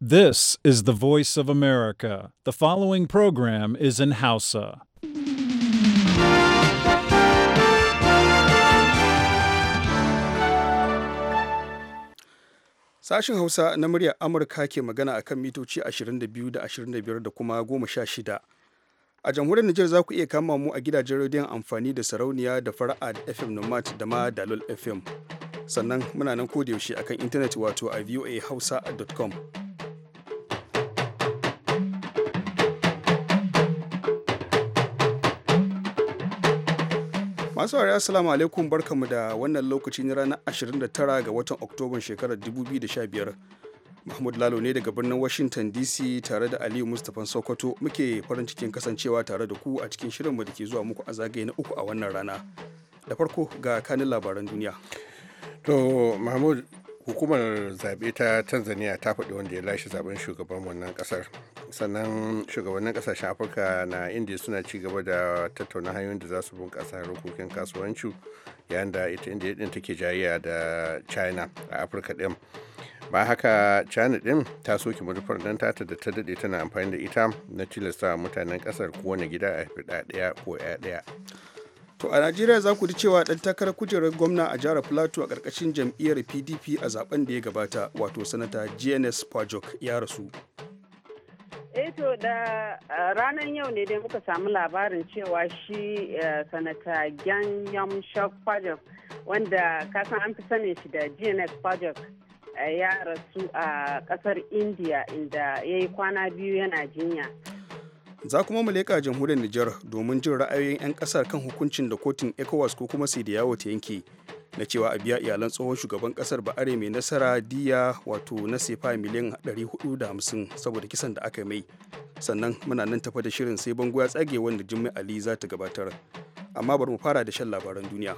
This is the voice of America. The following program is in Hausa. Sashen Hausa na muryar Amurka ke magana akan mitoci 22 da 25 da kuma 16. a jamhuriyar Nijar za ku iya kama mu a gidajen rediyon amfani da sarauniya da fara'a FM Nomad da ma Dalol FM. Sannan muna nan ko yaushe akan intanet wato a voahausa.com. masu wari assalamu alaikum barkamu da wannan lokaci na ranar 29 ga watan oktoban shekarar 2015 mahmud lalo ne daga birnin washington dc tare da aliyu mustapha sokoto muke farin cikin kasancewa tare da ku a cikin shirinmu da ke zuwa muku a zagaye na uku a wannan rana da farko ga kanin labaran duniya to mahmud hukumar zaɓe ta tanzania ta faɗi wanda ya lashe zaben shugaban wannan ƙasar sannan shugabannin kasashen afirka na india suna ci gaba da tattauna hanyoyin da za su bunƙasa harkokin kasuwanci yayin da ita india din take jariya da china a afirka din ba haka china din ta soke manufar don tata da ta daɗe tana amfani da ita na tilasta mutanen ƙasar kowane gida a fiɗa ɗaya ko ya ɗaya To a Najeriya za ku ji cewa ɗan takarar kujerar gwamna a jihar Plateau a karkashin jam'iyyar PDP a zaben da ya gabata wato sanata GNS Pajok ya rasu. Eh to da eh, ranar yau ne dai muka samu labarin cewa shi eh, sanata gyan wanda kasan an fi sanin shi da gns pajok ya rasu a kasar india inda ya yi kwana biyu yana jinya za kuma mu leƙa jamhuriyar Nijar domin jin ra'ayoyin 'yan ƙasar kan hukuncin da kotun ECOWAS ko kuma yawo ta yanke na cewa a biya iyalan tsohon shugaban kasar ba'are mai nasara diya wato na sefa miliyan 450 saboda kisan da aka mai sannan muna nan tafa da shirin sai bangu ya tsage wanda jimmy ali za ta gabatar amma bari mu fara da shan labaran duniya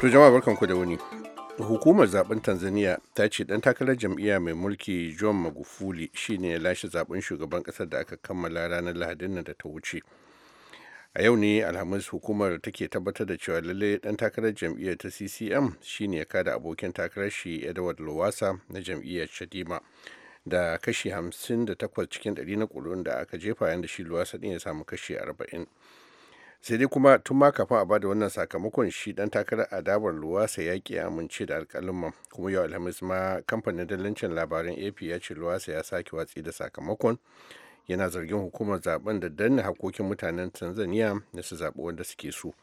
to jama'a barkanku da wuni hukumar zaben tanzania ta ce dan takarar jam'iyya mai mulki john magufuli shine ya lashe zaben shugaban kasar da aka kammala ranar lahadin nan da ta wuce a yau ne alhamis hukumar take tabbatar da cewa lalle dan takarar jam'iyyar ta ccm shine ya kada abokin takarar shi edward lowasa na jam'iyyar shadima da kashi 58 cikin 100 na ƙuri'un da aka jefa yadda shi lowasa din ya samu kashi 40 sai dai kuma tun ma kafin a bada wannan sakamakon shi dan takarar adabar luwasa ya ki amince da alƙalin kuma yau alhamis ma kamfanin dalancin labaran ap ya ce luwasa ya sake watsi da sakamakon yana zargin hukumar zaben da danne hakokin mutanen tanzania na su zaɓi wanda suke so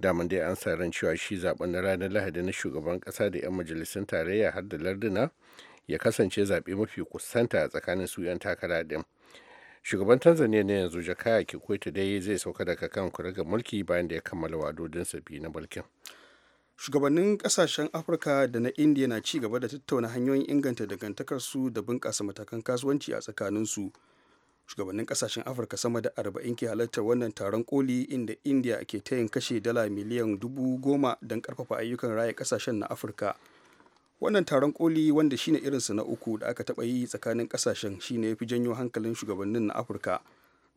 daman dai an sa ran cewa shi zaben na ranar lahadi na shugaban ƙasa da 'yan majalisun tarayya har da larduna ya kasance zaɓe mafi kusanta a tsakanin su 'yan takara ɗin shugaban tanzania ne yanzu jakaya kikwete dai zai sauka daga kan kuraga mulki bayan da ya kammala wadodinsa biyu na mulkin shugabannin kasashen afirka da na indiya na ci gaba da tattauna hanyoyin inganta dangantakarsu da bunƙasa matakan kasuwanci a tsakaninsu shugabannin kasashen afirka sama da arba'in ke halartar wannan taron koli inda indiya ke tayin kashe dala miliyan dubu goma don karfafa ayyukan raya kasashen na afirka wannan taron koli wanda shine irinsa na uku da aka taba yi tsakanin kasashen shine ya fi janyo hankalin shugabannin na afirka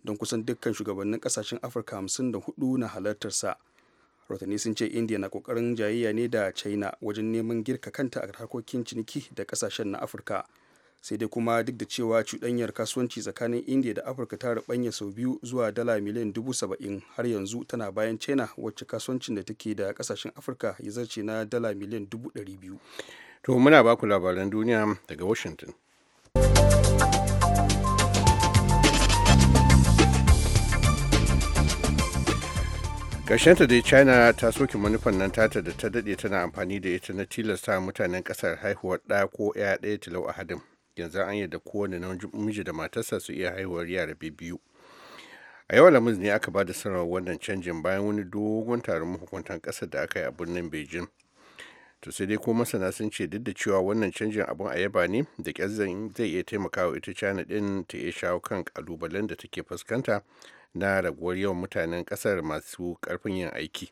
don kusan dukkan shugabannin kasashen afirka hudu na halartarsa rotani sun ce india na kokarin jayayya ne da china wajen neman girka kanta a harkokin ciniki da kasashen na afirka sai dai kuma duk da cewa cuɗanyar kasuwanci tsakanin india da afirka ta rubanya sau biyu zuwa dala miliyan dubu saba'in har yanzu tana bayan china wacce kasuwancin da take da kasashen afirka ya zarce na dala miliyan dubu ɗari biyu to muna baku labaran duniya daga washington ta dai china ta soke manufan nan tata da ta dade tana amfani da ita na tilasta mutanen ƙasar haihuwar ɗaya ko ɗaya ɗaya talau a hadin yanzu an yadda kowane namiji da matarsa su iya haihuwar yara biyu a yau lamis ne aka ba da sanarwar wannan canjin bayan wani dogon taron mahukuntan ƙasar da aka yi a birnin beijing to sai dai ko masana sun ce duk da cewa wannan canjin abun a yaba ne da kyazzan zai iya taimakawa ita china din ta iya shawo kan kalubalen da take fuskanta na raguwar yawan mutanen kasar masu karfin yin aiki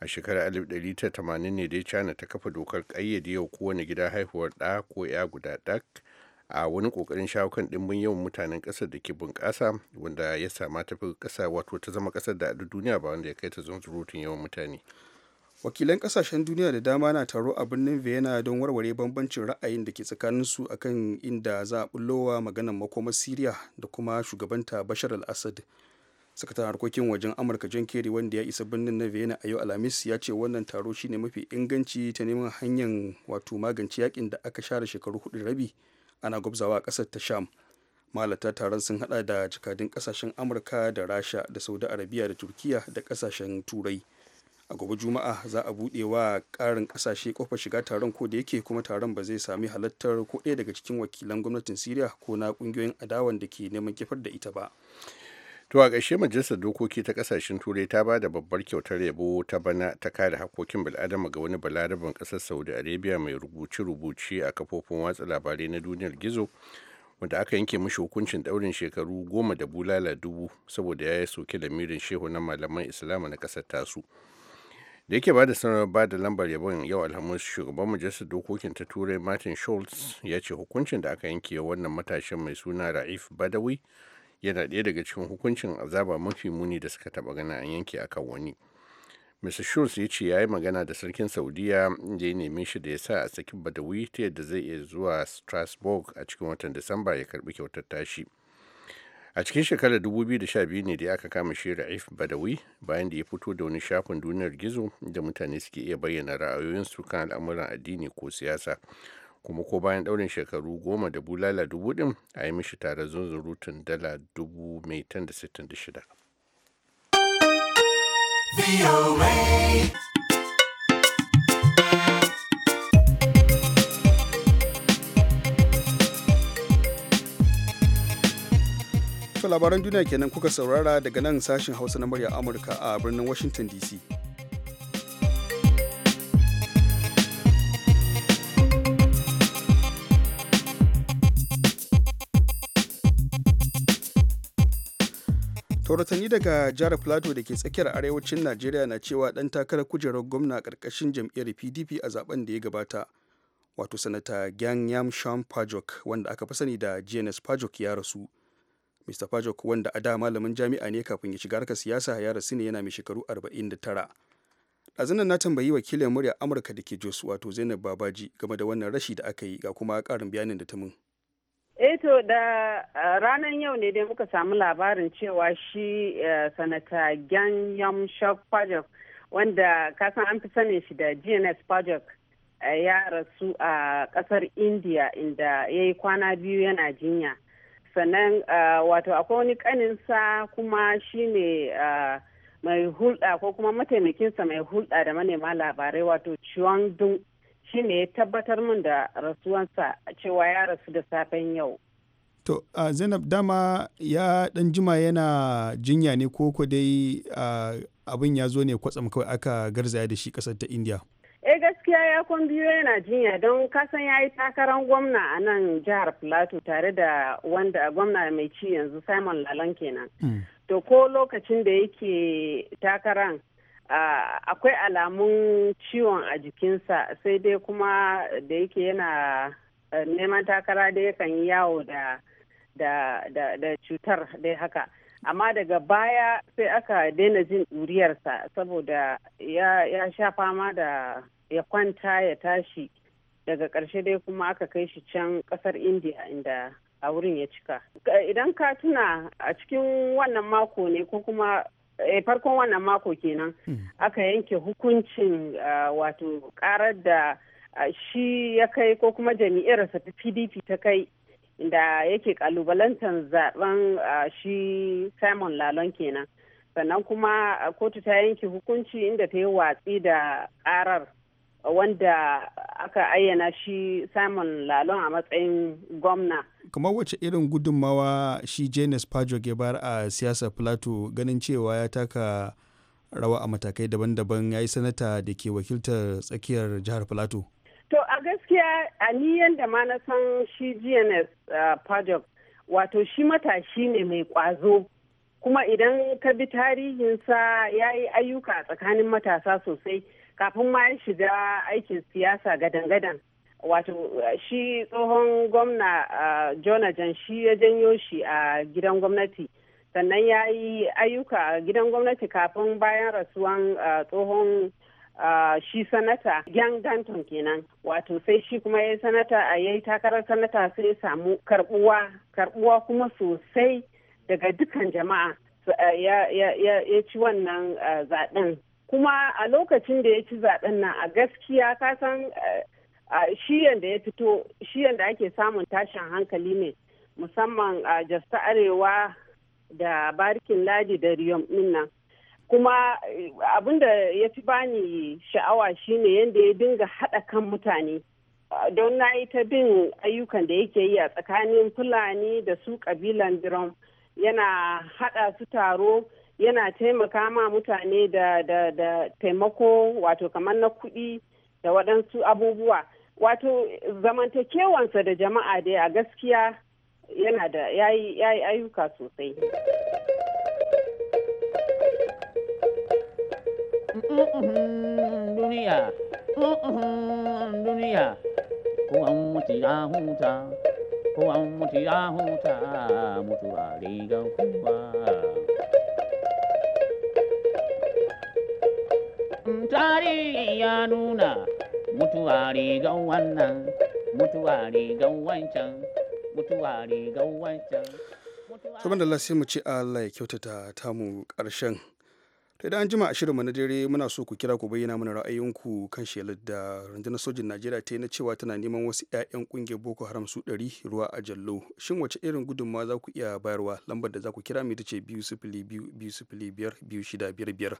a shekarar 1980 ne dai china ta kafa dokar kayyade yau kowane gida haihuwar ɗa ko ya guda ɗak a wani kokarin shawo kan dimbin yawan mutanen kasar da ke bunƙasa wanda ya sama tafi kasa wato ta zama ƙasar da a duniya ba wanda ya kai ta zunzurutun yawan mutane wakilan kasashen duniya da dama na taro a birnin vienna don warware bambancin ra'ayin da ke tsakaninsu akan inda za a bullowa maganar makoma syria da kuma shugabanta bashar al-assad sakataren harkokin wajen amurka john kerry wanda ya isa birnin na vienna a yau alhamis ya ce wannan taro shine mafi inganci ta neman hanyar wato magance yakin da aka share shekaru hudu rabi ana gwabzawa a kasar ta sham malata taron sun hada da jakadun kasashen amurka da rasha da saudi arabia da turkiya da kasashen turai a gobe juma'a za a buɗe wa karin kasashe kofar shiga taron ko da yake kuma taron ba zai sami halartar ko ɗaya daga cikin wakilan gwamnatin siriya ko na ƙungiyoyin adawan da ke neman kifar da ita ba to a ƙarshe majalisar dokoki ta ƙasashen turai ta ba da babbar kyautar yabo ta bana ta kare hakokin bil'adama ga wani balarabin ƙasar saudi arabia mai rubuce-rubuce a kafofin watsa labarai na duniyar gizo wanda aka yanke mashi hukuncin ɗaurin shekaru goma da bulala dubu saboda ya yi soke lamirin shehu na malaman islama na ƙasar tasu da yake ba da sanarwar ba da lambar yabon yau alhamis shugaban majalisar dokokin ta turai martin schultz ya ce hukuncin da aka yanke wannan matashin mai suna ra'if badawi yana ɗaya daga cikin hukuncin azaba mafi muni da suka taɓa gana an yanke akan wani mr schultz ya ce ya yi magana da sarkin saudiya da ya neme shi da ya sa a saki badawi ta yadda zai iya zuwa strasbourg a cikin watan disamba ya karbi kyautar tashi a cikin shekarar 2012 ne da aka kama shi ra'if badawi bayan da ya fito da wani shafin duniyar gizo da mutane suke iya bayyana ra'ayoyin su kan al'amuran addini ko siyasa kuma ko bayan daurin shekaru goma da bulala dubu din a yi mishi tare zunzurutun dala dubu mai tan sittin da shida. To labaran duniya kenan kuka saurara daga nan sashen Hausa na murya Amurka a birnin Washington DC. tauratani daga jihar plateau da ke tsakiyar arewacin najeriya na cewa dan takarar kujerar gwamna a ƙarƙashin jam'iyyar pdp a zaben da ya gabata wato sanata gyang yam Sean pajok wanda aka fi sani da gns pajok ya rasu mr pajok wanda a da malamin jami'a ne kafin ya shiga harkar siyasa ya rasu ne yana mai shekaru 49 ɗazunan na tambayi wakilin murya amurka da ke jos wato zainab babaji game da wannan rashi da aka yi ga kuma karin bayanin da ta mun eh to da ranar yau ne dai muka samu labarin cewa shi eh, sanata gyan yamshak pajok wanda kasan an fi sanin shi da gns pajok eh, ya rasu a kasar india inda ya yi kwana biyu yana jinya sannan ah, wato akwai wani kaninsa kuma shine ah, mai hulɗa ko kuma mataimakinsa mai hulɗa da manema labarai wato ciwon dun shine ya tabbatar min da rasuwansa cewa ya rasu da safen yau To, ah, Zainab dama ya ɗan jima yana jinya ne ko dai abin ya zo ne kwatsam kawai aka garzaya da shi ƙasar ta India. gaskiya ya kwan biyu yana jinya don kasan ya yi takarar gwamna a nan jihar plateau tare da wanda gwamna mai ci yanzu simon lalon kenan hmm. to ko lokacin da yake takaran akwai alamun ciwon a jikinsa sai dai kuma da yake yana neman takara da yakan yi yawo da cutar dai haka amma daga baya sai aka daina jin ɗuriyarsa saboda ya sha fama da ya kwanta ya tashi daga ƙarshe dai kuma aka kai shi can ƙasar indiya inda a wurin ya cika idan ka tuna a cikin wannan mako ne ko kuma eh, farkon wannan mako kenan hmm. aka yanke hukuncin ah, wato karar da ah, shi ya kai ko kuma jami'arsa ta pdp ta kai da yake kalubalantar zaben ah, shi simon lalon kenan sannan kuma kotu ta yanke hukunci inda ta yi watsi da karar wanda aka ayyana shi simon lalon a matsayin gwamna kamar wacce irin gudunmawa shi janes pajo ya bayar a siyasar Plato ganin cewa ya taka rawa a matakai daban-daban ya yi sanata da ke wakiltar tsakiyar jihar Plato. to a gaskiya a ni yadda ma na san shi gns uh, pajok wato shi matashi ne mai kwazo kuma idan ka bi tarihinsa ya yi ayyuka tsakanin matasa sosai kafin ma ya shiga aikin siyasa gadan-gadan wato eh, shi tsohon gwamna eh, jonathan shi ya janyo shi a gidan gwamnati sannan ya yi ayyuka a gidan gwamnati kafin bayan rasuwan eh, tsohon shi sanata gyan ganton kenan wato sai shi kuma ya yi sanata a yayi takarar sanata sai ya samu karbuwa karbuwa kuma sosai daga dukkan jama'a ya ci wannan zaɓen kuma a lokacin da ya ci zaɓen nan a gaskiya ka san eh, shiyan da ya fito shiyan da ake samun tashin hankali ne musamman a jasta arewa da barikin ladi da riyom nan kuma eh, abin da ya fi bani sha'awa shine yadda ya dinga haɗa kan mutane don na yi ta bin ayyukan da yake yi a tsakanin fulani da su kabilan drum yana haɗa su taro yana taimaka ma mutane da, taimako wato kamar na kuɗi da waɗansu abubuwa wato zamantakewansa da jama'a dai a gaskiya yana da yayi ayyuka sosai duniya duniya ko an mutu ya huta ko an mutu ya huta ba rigar kuma tarihi ya nuna mutuwa ga wannan mutuwa ga wancan mutuwa ga wancan Tuban da sai mu ce Allah ya kyautata mu karshen. Ta idan an jima a shirinmu na dare muna so ku kira ku bayyana mana ra'ayinku kan shelar da rundunar sojin Najeriya ta yi na cewa tana neman wasu 'ya'yan ƙungiyar Boko Haram su ɗari ruwa a jallo. Shin wace irin gudunmawa za ku iya bayarwa lambar da za ku kira mai ta ce biyu sifili biyu biyu sifili biyar biyu shida biyar biyar.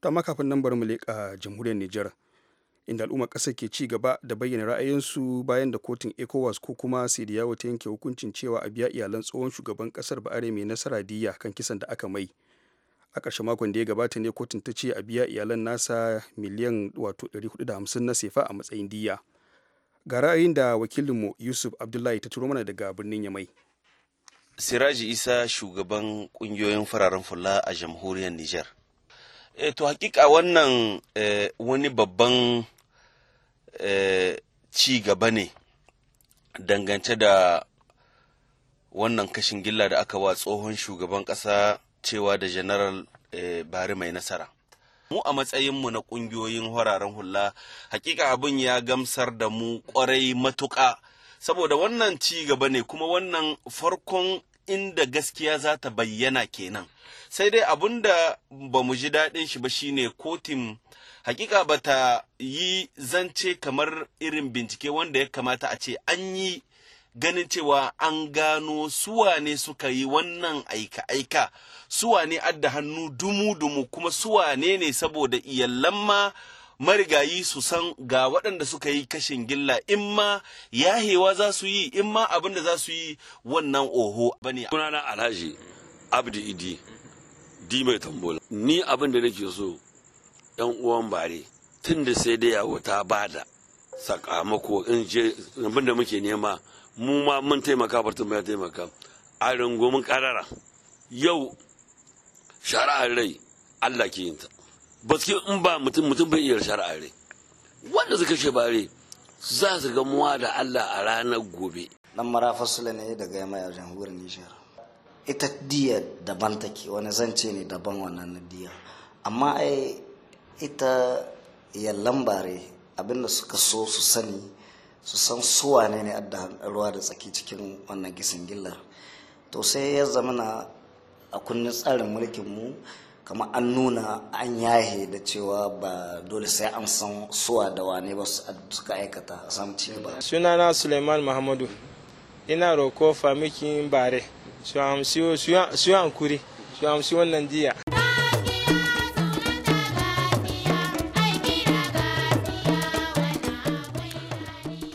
ta kafin nan bari mu leƙa jamhuriyar Nijar inda al'ummar ƙasar ke ci gaba da bayyana ra'ayinsu bayan da kotun ECOWAS ko kuma Sidiyawa ta yanke hukuncin cewa a biya iyalan tsohon shugaban ƙasar Ba'are mai nasara diya kan kisan da aka mai. A ƙarshen makon da ya gabata ne kotun ta ce a biya iyalan nasa miliyan wato 450 na sefa a matsayin diya. Ga ra'ayin da wakilinmu Yusuf Abdullahi ta turo mana daga birnin Yamai. Siraji Isa shugaban kungiyoyin fararen fula a jamhuriyar Nijar e, to hakika wannan e, wani babban e, ci gaba ne dangance da wannan kashin gilla da aka wa tsohon shugaban ƙasa cewa da general e, bari mai nasara mu a matsayinmu na ƙungiyoyin hararen hula hakika abin ya gamsar da mu ƙwarai matuƙa saboda wannan ci gaba ne kuma wannan farkon inda gaskiya za ta bayyana kenan sai dai abun da ba mu ji daɗin shi ba shine kotun hakika ba ta yi zance kamar irin bincike wanda ya kamata a ce an yi ganin cewa an gano suwa ne suka yi wannan aika-aika suwa ne adda hannu dumu-dumu kuma suwa ne ne saboda iyallan ma marigayi su san ga waɗanda suka yi kashin gilla in ma yahewa za su yi in ma abin da za su yi wannan oho ba ne sunana alhaji abdi idi di mai tambola ni abin da nake so yan uwan bare tun da sai da yawo ta bada sakamako in je abin da muke nema mu ma mun taimaka bartun ya taimaka a rungumin karara yau shari'ar rai Allah ke yin baske in ba mutum mutum bai iya shari'a ne wanda suka kashe bare za su ga muwa da Allah a ranar gobe dan marafa sule ne daga yamma a jamhuriyar Nijar ita diya daban take wani zance ne daban wannan diya amma ai ita yallan bare abinda suka so su sani su san suwa ne ne adda ruwa da tsaki cikin wannan gisin gillar to sai ya zamana a kunnen tsarin mulkin mu kamar an nuna an yahe da cewa ba dole sai an san suwa da wane ba suka aikata a samu sunana suleiman mahamadu ina roko famikin bare su amsi wannan jiya.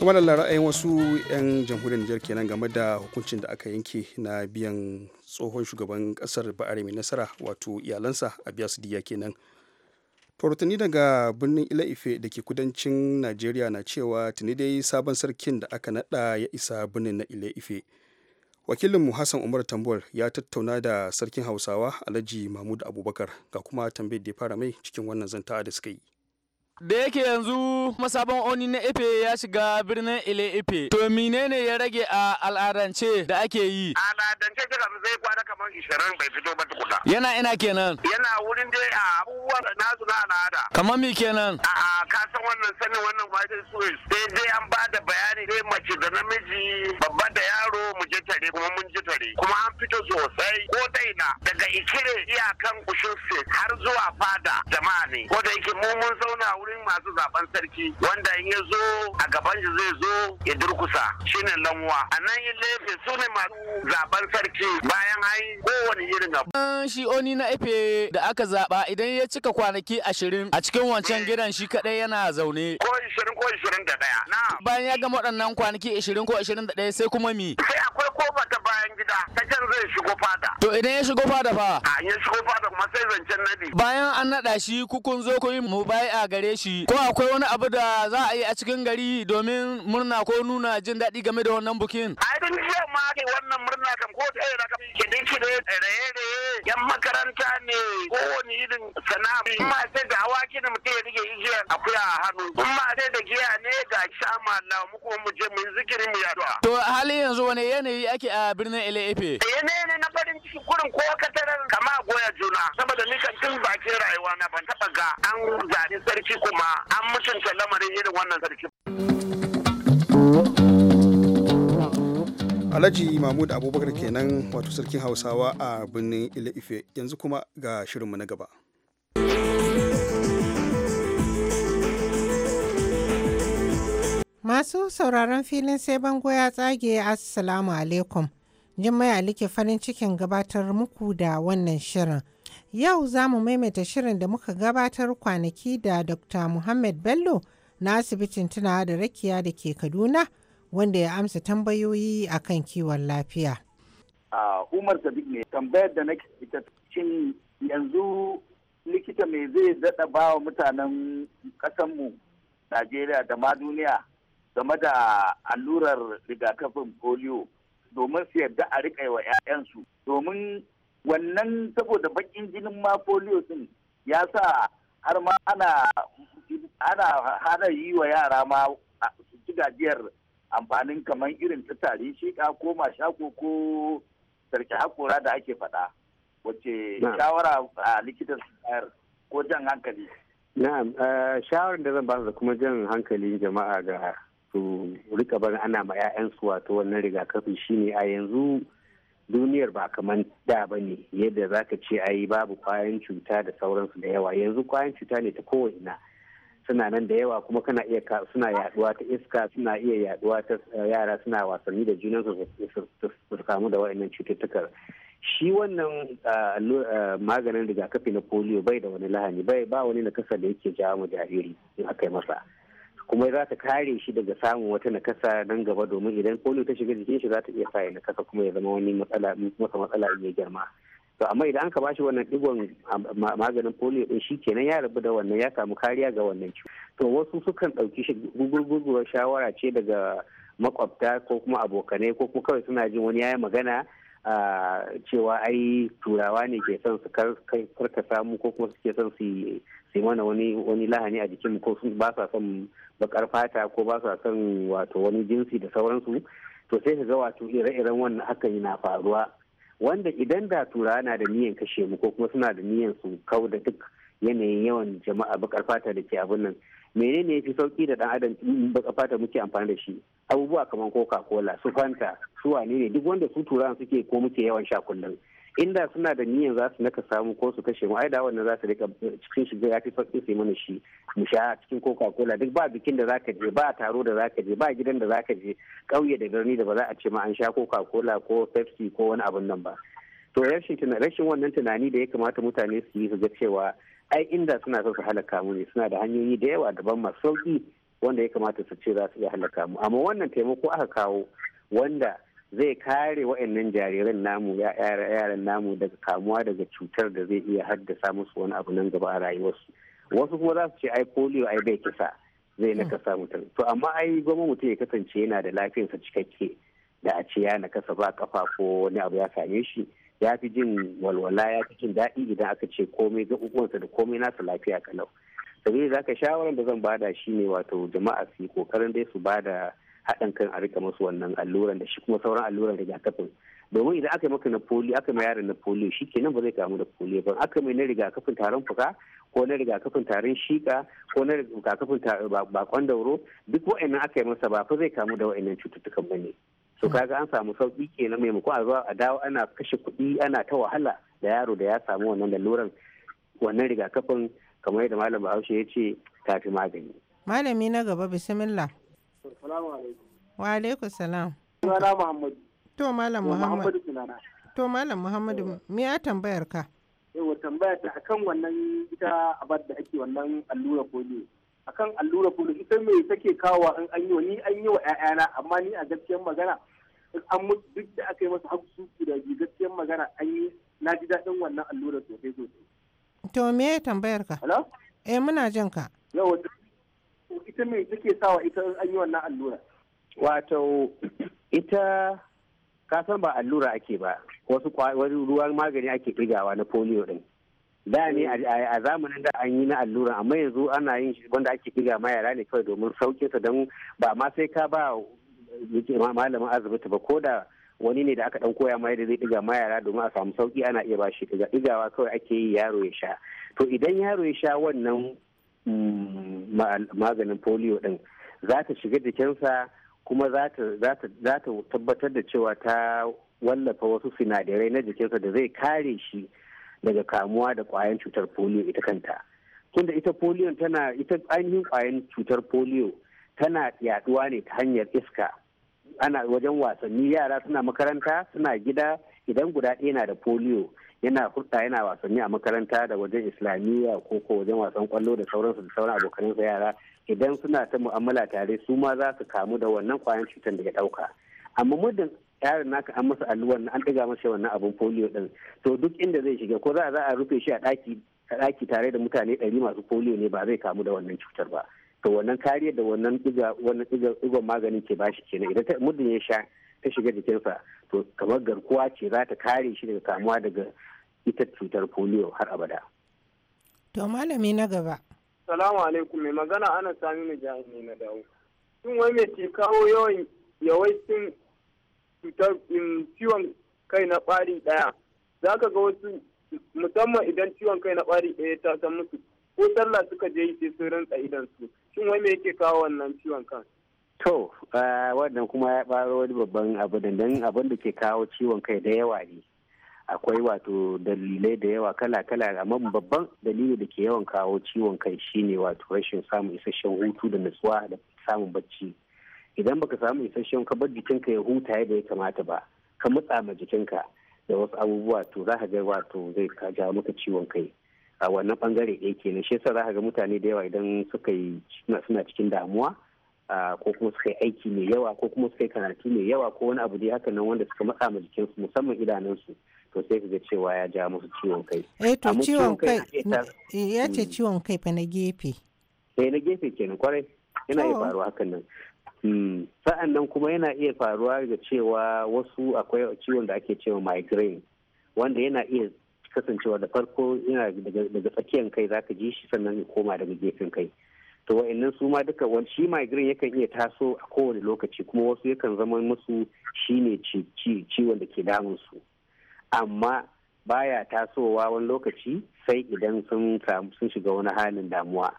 to lara ra'ayin wasu 'yan jamhuriyar Nijar kenan game da hukuncin da aka yanke na biyan tsohon shugaban kasar ba'are mai nasara wato iyalansa a biya su diya kenan rahotanni daga birnin ila ife da ke kudancin najeriya na cewa tuni dai sabon sarkin da aka nada ya isa birnin na ila ife wakilinmu hassan umar tambuwar ya tattauna da sarkin hausawa alhaji mahmud abubakar ga kuma tambayar da ya fara mai cikin wannan zanta da suka yi da yake yanzu masabon oni na ife ya shiga birnin ile ife to menene ya rage a al'adance da ake yi al'adance ta kamar zai kwana kamar ishirin bai fito ba tukuna yana ina kenan yana wurin dai a abubuwan nasu na al'ada kamar mi kenan a wannan sanin wannan wajen suwe sai dai an ba da bayani ne mace da namiji babba da yaro mu je tare kuma mun ji tare kuma an fito sosai ko daina daga ikire iyakan kushin state har zuwa fada jama'a ne ko da yake mu mun zauna wurin masu zaben sarki wanda in ya zo a gaban shi zai zo ya durkusa shine lamuwa a nan yi lefe su ne masu zaben sarki bayan an kowane irin abu. shi oni na efe da aka zaba idan ya cika kwanaki ashirin a cikin wancan eh. gidan shi kadai yana zaune. Ko ishirin ko ishirin da ɗaya. Bayan ya gama waɗannan kwanaki ishirin ko ishirin da ɗaya sai kuma mi. Sai akwai kofa ta bayan gida ta can zai shigo fada. To idan ya shigo fada fa. A ya shigo fada kuma sai zancen nadi. Bayan an naɗa shi kukun zo kun yi a gare shi ko akwai wani abu da za a yi a cikin gari domin murna ko nuna jin daɗi game da wannan bukin. A idan jiya ma ake wannan murna kam ko ta yi rakam kide-kide raye-raye yan makaranta ne kowane irin sana'a. Ma sai da hawa kina mutum ya rike yi akuya a hannu in ma dai da giya ne ga sha na mu mu je mu zikiri mu yaduwa to halin yanzu wani yanayi ake a birnin Ile-Ife? yanayi ne na farin ciki gurin ko ka tarar kama goya juna saboda ni kan tun bakin rayuwa na ban taba ga an zari sarki kuma an mutunta lamarin irin wannan sarki Alhaji Mahmud Abubakar kenan wato sarkin Hausawa a birnin Ile Ife yanzu kuma ga shirinmu na gaba. Masu sauraron filin sai bango ya tsage Assalamu alaikum. Jummai Alike farin cikin gabatar muku da wannan shirin. Yau za mu maimaita shirin da muka gabatar kwanaki da Dr. Muhammad Bello na asibitin tunawa da rakiya da ke Kaduna wanda ya amsa tambayoyi akan kiwon lafiya. Umar Sadiq ne tambayar da nake ita shin yanzu likita mai zai daɗa ba wa mutanen ƙasanmu Najeriya da ma duniya game da allurar rigakafin polio domin su yarda a riƙa wa 'ya'yansu domin wannan saboda bakin jinin ma polio din ya sa har ma ana ana hana yi wa yara ma su ci gajiyar amfanin kamar irin ta tari shiƙa ko mashako ko sarki hakora da ake faɗa wacce shawara a likitan bayar ko jan hankali na'am eh, shawarar da zan ba da kuma jan hankali jama'a ga su rika barin ana ma 'ya'yansu wato wannan rigakafi shine a yanzu duniyar ba kamar da ba ne yadda za ka ce ayi babu kwayan cuta da sauransu da yawa yanzu kwayan cuta ne ta kowane suna nan da yawa kuma kana iya suna yaduwa ta iska suna iya yaduwa ta eh, yara suna wasanni da junansu su kamu da wa'annan cututtukar shi wannan ah, ah, maganin rigakafi na polio bai da wani lahani bai ba wani nakasa da yake jawo mu jariri in aka yi masa kuma za ta kare shi daga samun wata nakasa nan gaba domin idan polio ta shiga jikin shi za ta iya sa nakasa kuma ya zama wani matsala masa matsala ya girma to amma idan ka bashi wannan digon ah, maganin polio din shi kenan ya rabu da wannan ya samu kariya ga wannan ciwo to wasu sukan ɗauki shi gugurguguwar shawara ce daga makwabta ko kuma abokanai ko kuma kawai suna jin wani yayi magana ah, cewa ai turawa ne ke son su karka samu ko kuma suke son su sai mana wani wani lahani a jikinmu ko sun ba sa son bakar fata ko ba sa son wato wani jinsi da sauransu to sai ka ga wato ire-iren wannan haka yana faruwa wanda idan da turawa na da niyan kashe mu ko kuma suna da niyan su kau da duk yanayin yawan jama'a bakar fata da ke abin nan menene yafi sauki da dan adam bakar fata muke amfani da shi abubuwa kamar coca cola su fanta su wane ne duk wanda su turawa suke ko muke yawan sha kullum inda suna da niyan za su naka samu ko su kashe mu ai da wannan za su rika cikin shiga ya fi sauki sai mana shi mu sha cikin coca cola duk ba bikin da zaka je ba taro da zaka je ba gidan da zaka je kauye da birni da ba za a ce ma an sha coca cola ko pepsi ko wani abun nan ba to rashin wannan tunani da ya kamata mutane su yi su ga cewa ai inda suna so su halaka mu ne suna da hanyoyi da yawa daban masu sauki wanda ya kamata su ce za su iya halaka mu amma wannan taimako aka kawo wanda zai kare waɗannan jariran namu yaran namu daga kamuwa daga cutar da zai iya haddasa musu wani abu nan gaba a rayuwarsu wasu kuma za su ce ai polio ai bai kisa zai hmm. nakasa mutum to amma ai goma mutum ya kasance yana da lafiyarsa cikakke da a ce ya nakasa ba kafa ko wani abu ya same shi ya fi jin walwala ya fi jin daɗi idan aka ce komai ga uwansa da komai nasa lafiya kalau sabili da shawarar da zan bada shine wato jama'a su yi kokarin dai su bada haɗin kan a rika musu wannan alluran da shi kuma sauran alluran rigakafin domin idan aka yi maka na polio aka ma yaron na polio shi kenan ba zai kamu da polio ba aka mai na rigakafin tarin fuka ko na rigakafin tarin shika ko na rigakafin bakon dauro duk wa'annan aka yi masa ba fa zai kamu da wa'annan cututtukan ba ne to kaga an samu sauki kenan maimakon a zuwa a dawo ana kashe kuɗi ana ta wahala da yaro da ya samu wannan alluran wannan rigakafin kamar yadda malam bahaushe ya ce tafi magani malami na gaba bismillah Wa alaikum salam. Sunana Muhammadu. To Malam eh, Muhammadu. Sunana. To Malam Muhammadu eh. me ya tambayar ka? Yawa tambaya ta akan wannan ita abad da ake wannan allura polio. Akan allura polio ita me take kawo an an yi ni an yi wa ƴaƴana amma ni a gaskiyar magana an mutu duk da aka yi masa haku su da gaskiyar magana an yi na ji daɗin wannan allura sosai sosai. To me ya tambayar ka? Hello? Eh muna jin ka. Yawa ita mai take sawa ita an yi wannan allura wato ita kasan ba allura ake ba wasu ruwan magani ake ɗigawa na polio din da ne a zamanin da an yi na allura amma yanzu ana yin shi wanda ake ɗiga ma yara ne kawai domin sauke ta don ba ma sai ka ba malamin asibiti ba ko da wani ne da aka dan koya ma yadda zai ɗiga ma yara domin a samu sauki ana iya ba shi digawa kawai ake yi yaro ya sha to idan yaro ya sha wannan maganin polio din za ta shiga jikinsa kuma za ta tabbatar da cewa ta wallafa wasu sinadarai na jikinsa da zai kare shi daga kamuwa da kwayan cutar polio ita kanta tunda ita polio tana ita ainihin kwayan cutar polio tana yaduwa ne ta hanyar iska ana wajen wasanni yara suna makaranta suna gida idan guda ɗaya na da polio yana furta yana wasanni a makaranta da wajen islamiyya ko ko wajen wasan kwallo da sauransu da sauran abokanansa yara idan suna ta mu'amala tare su ma za su kamu da wannan kwayan cutar da ya ɗauka amma muddin yaron naka an masa alluwan an ɗiga masa wannan abun polio ɗin to duk inda zai shiga ko za a rufe shi a ɗaki a ɗaki tare da mutane ɗari masu polio ne ba zai kamu da wannan cutar ba to wannan kariya da wannan ɗiga maganin ke bashi kenan idan muddin ya sha ta shiga jikinsa to kamar garkuwa ce za ta kare shi daga kamuwa daga ita cutar polio har abada. To malami na gaba. Salamu alaikum mai magana ana sami na jami'i na dawo. Shin wai mai kawo yawan yawaicin cutar um, ciwon kai na ɓari ɗaya? Za ka ga wasu musamman idan ciwon kai na ɓari ɗaya ta san musu ko sallah suka je yi sai sun rantsa idan su. Shin wai me yake kawo wannan ciwon kan? To, wannan kuma ya ɓaro wani babban abu da nan abin da ke kawo ciwon kai da yawa ne. Akwai wato dalilai da yawa kala-kala amma babban dalili da ke yawan kawo ciwon kai shine wato rashin samun isasshen hutu da nutsuwa da samun bacci. Idan baka samu isasshen ka bar jikinka ya huta yadda ya kamata ba, ka matsa ma jikinka da wasu abubuwa to za ka ga wato zai jawo maka ciwon kai. A wannan bangare ɗaya kenan shi yasa za ka ga mutane da yawa idan suka yi suna cikin damuwa. ko kuma suka yi aiki mai yawa ko kuma suka yi karatu mai yawa ko wani abu dai haka nan wanda suka matsa ma jikinsu musamman idanunsu to sai ka ga cewa ya ja musu ciwon kai. Eh to ciwon kai ya ce hmm. ciwon kai fa na gefe. Eh na gefe kenan kwarai yana iya oh. faruwa hakan nan. Hmm. Sa'an nan kuma yana iya faruwa ga cewa wasu akwai ciwon da ake cewa migraine wanda yana iya kasancewa da farko yana daga tsakiyan kai zaka ji shi sannan ya koma daga gefen kai. to wa'annan su ma duka wani shi migraine yakan iya taso a kowane lokaci kuma wasu yakan zama musu shine ciwon da ke damun su amma baya tasowa wani lokaci sai idan sun sun shiga wani halin damuwa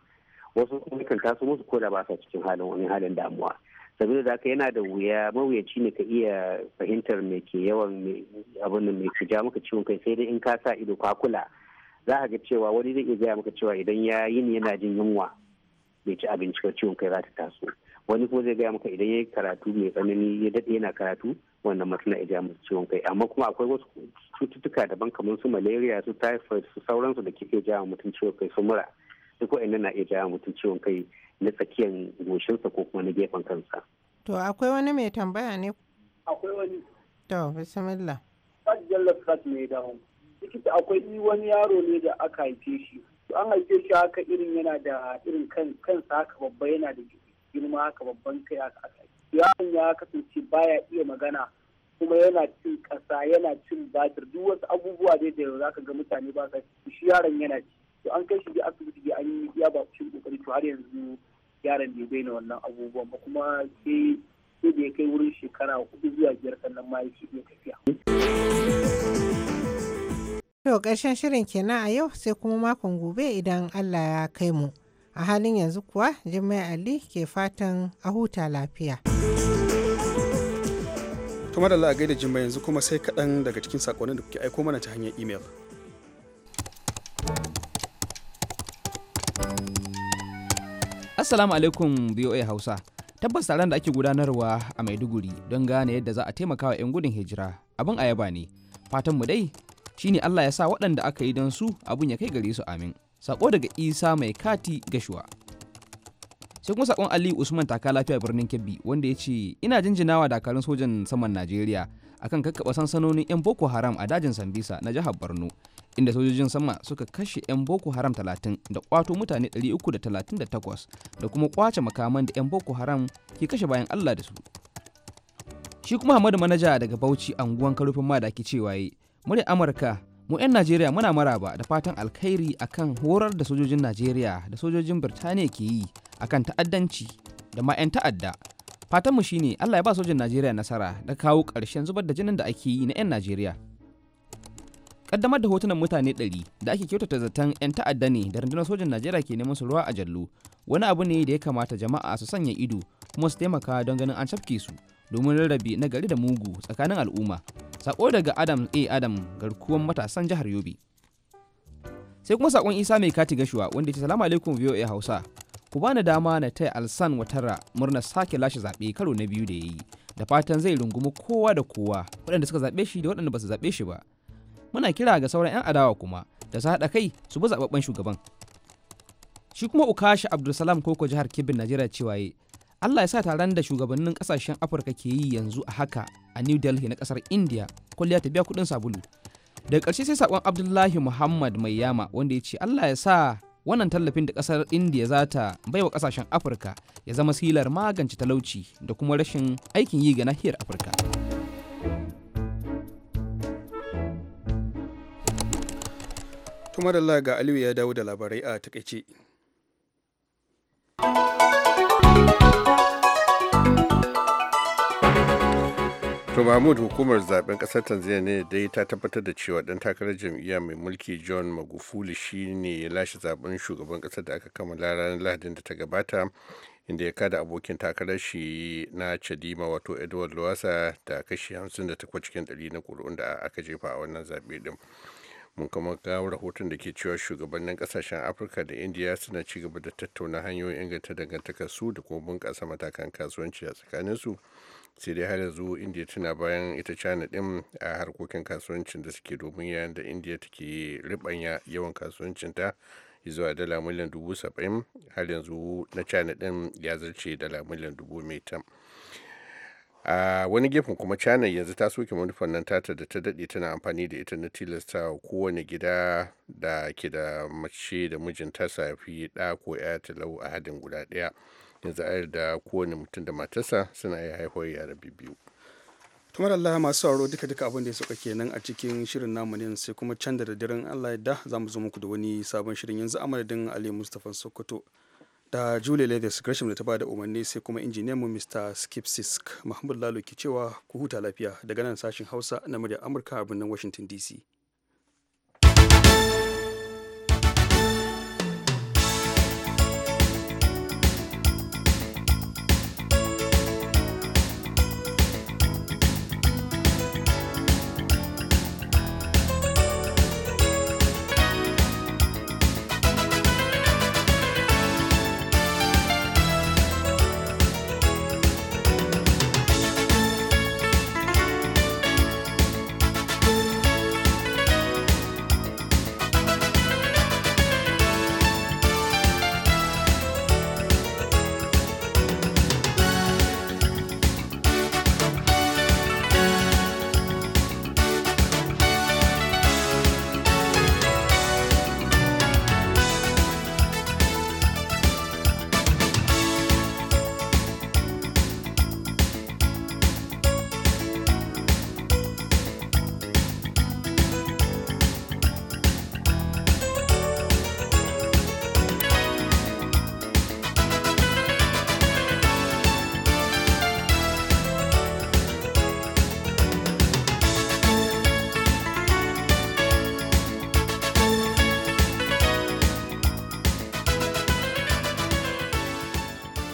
wasu kuma yakan taso musu ko da ba sa cikin halin wani halin damuwa saboda da haka yana da wuya mawuyaci ne ka iya fahimtar me ke yawan abin da me ke ja maka ciwon kai sai dai in ka sa ido ka kula za ka ga cewa wani zai iya gaya maka cewa idan ya yi yana jin yunwa bai ci abinci ba ciwon kai za ta taso wani kuma zai gaya maka idan ya yi karatu mai tsanani ya daɗe yana karatu wannan mutum na iya musu ciwon kai amma kuma akwai wasu cututtuka daban kamar su malaria su typhoid su sauransu da kike jawo mutum ciwon kai su mura duk wa'annan na iya jawo mutum ciwon kai na tsakiyan goshinsa ko kuma na gefen kansa. to akwai wani mai tambaya ne. akwai wani. to bismillah. fat jallaf fat mai dawo. likita akwai wani yaro ne da aka haife shi an haife shi haka irin yana da irin kansa haka babba yana da girma haka babban kai haka aka yaron ya kasance baya iya magana kuma yana cin kasa yana cin batir duk wasu abubuwa dai da za ka ga mutane ba ka shi yaron yana ci to an kai shi da asibiti da an ya ba shi kokari to har yanzu yaron bai daina wannan abubuwa ba kuma sai sai da ya kai wurin shekara hudu zuwa biyar sannan ma ya iya tafiya. To ƙarshen shirin kenan a yau sai kuma makon gobe idan Allah ya kai mu. A halin yanzu kuwa Jummai Ali ke fatan a huta lafiya. Kuma da la'agai da Jummai yanzu kuma sai kaɗan daga cikin saƙonin da kuke aiko mana ta hanyar imel. Assalamu alaikum BOA Hausa. Tabbas taron da ake gudanarwa a Maiduguri don gane yadda za a taimaka wa 'yan gudun hijira abin ayaba ne. Fatanmu dai shine Allah ya sa waɗanda aka yi don su abin ya kai gare su amin sako daga isa mai kati gashuwa sai kuma sakon ali usman taka lafiya birnin kebbi wanda ya ce ina jinjinawa dakarun sojan saman najeriya akan kakkaba sansanonin 'yan boko haram a dajin sambisa na jihar borno inda sojojin sama suka kashe 'yan boko haram 30 da kwato mutane 338 da kuma kwace makaman da 'yan boko haram ke kashe bayan allah da su shi kuma hamadu manaja daga bauchi anguwan karufin madaki cewa yi murya amurka mu 'yan najeriya muna maraba da fatan alkhairi akan horar da sojojin najeriya da sojojin birtaniya ke yi akan ta'addanci da ma 'yan ta'adda fatanmu shi ne allah ya ba sojin najeriya nasara da kawo ƙarshen zubar da jinin da ake yi na 'yan najeriya kaddamar da hotunan mutane 100 da ake kyautata zaton 'yan ta'adda ne da rundunar sojin najeriya ke neman su ruwa a jallo wani abu ne da ya kamata jama'a su sanya ido kuma su taimaka don ganin an cafke su domin rarrabe na gari da mugu tsakanin al'umma Sako daga Adam A. Adam garkuwan matasan jihar Yobe. Sai kuma sakon Isa mai kati gashuwa wanda ce salamu alaikum VOA Hausa. Ku bani dama na taya Alsan Watara murna sake lashe zaɓe karo na biyu da ya yi. Da fatan zai rungumi kowa da kowa waɗanda suka zaɓe shi da waɗanda ba su zaɓe shi ba. Muna kira ga sauran 'yan adawa kuma da su haɗa kai su bi zaɓaɓɓen shugaban. Shi kuma Ukashi Abdulsalam Koko jihar Kebbi Najeriya cewa Allah ya sa taron da shugabannin kasashen Afirka ke yi yanzu a haka a new delhi na kasar india kwalliya ta biya kudin sabulu daga karshe sai sakon abdullahi muhammad mai yama wanda ya ce allah ya sa wannan tallafin da kasar india za ta baiwa kasashen afirka ya zama silar magance talauci da kuma rashin aikin yi ga nahiyar afirka tumar ga aliyu ya dawo da labarai a takaice to mahmud hukumar zaben kasar tanzania ne dai ta tabbatar da cewa dan takarar jam'iyya mai mulki john magufuli shine ya lashe zaben shugaban kasar da aka kammala ranar lahadin da ta gabata inda ya kada abokin takarar shi na chadima wato edward lowasa da kashi 58 cikin 100 na kuri'un da aka jefa a wannan zaɓe din mun kuma kawo rahoton da ke cewa shugabannin kasashen afirka da indiya suna ci gaba da tattauna hanyoyin inganta dangantakar su da kuma bunƙasa matakan kasuwanci a tsakaninsu sai dai har yanzu indiya tana bayan ita china din a harkokin kasuwancin da suke domin yayin da india take ribanya yawan kasuwancinta zuwa dala miliyan dubu saba'in har yanzu na china din ya zarce dala miliyan dubu metan a wani gefen kuma china yanzu ta soke manufan nan tata da ta daɗe tana amfani da ita na tilasta kowane gida da ke da mace da mijinta safi ɗa ko ya talau a hadin guda ɗaya yanzu a yarda kowane mutum da matarsa suna iya haihuwar yara biyu tumar Allah masu sauraro duka duka abin da ya sauka kenan a cikin shirin namu ne sai kuma can da daren Allah da za mu zo muku da wani sabon shirin yanzu a Ali Mustapha Sokoto da Julie Leathers Gresham da ta bada umarni sai kuma injiniyan mu Mr. Skip Sisk Mahmud Lalo ke cewa ku huta lafiya daga nan sashen Hausa na murya Amurka a birnin Washington DC